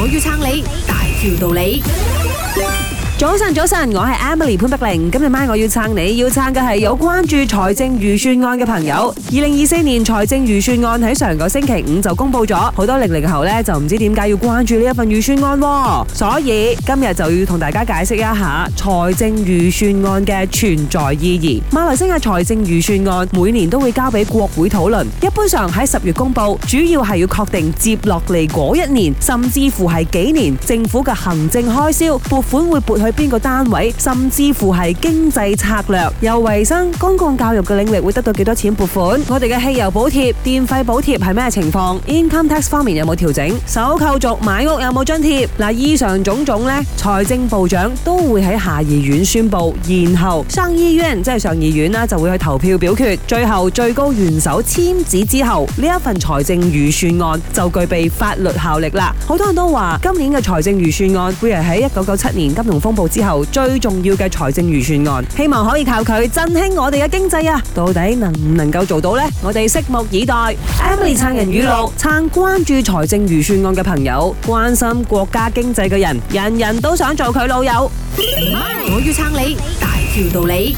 我要撐你，大條道理。早晨，早晨，我係 Emily 潘碧玲。今日晚我要撐你，要撐嘅係有關注財政預算案嘅朋友。二零二四年財政預算案喺上個星期五就公布咗，好多零零後咧，就唔知點解要關注呢一份預算案。所以今日就要同大家解釋一下財政預算案嘅存在意義。馬來西亞財政預算案每年都會交俾國會討論，一般上喺十月公布，主要係要確定接落嚟嗰一年甚至乎係幾年政府嘅行政開銷撥款會撥去喺邊個單位，甚至乎係經濟策略，又衛生、公共教育嘅領域會得到幾多錢撥款？我哋嘅汽油補貼、電費補貼係咩情況？Income tax 方面有冇調整？首購族買屋有冇津貼？嗱，以上種種呢，財政部長都會喺下議院宣佈，然後上議院即係上議院啦，就會去投票表決，最後最高元首簽字之後，呢一份財政預算案就具備法律效力啦。好多人都話，今年嘅財政預算案會係喺一九九七年金融風。之後最重要嘅財政預算案，希望可以靠佢振興我哋嘅經濟啊！到底能唔能夠做到呢？我哋拭目以待。MY 撐人語錄，撐關注財政預算案嘅朋友，關心國家經濟嘅人,人人都想做佢老友。我要撐你，大條道理。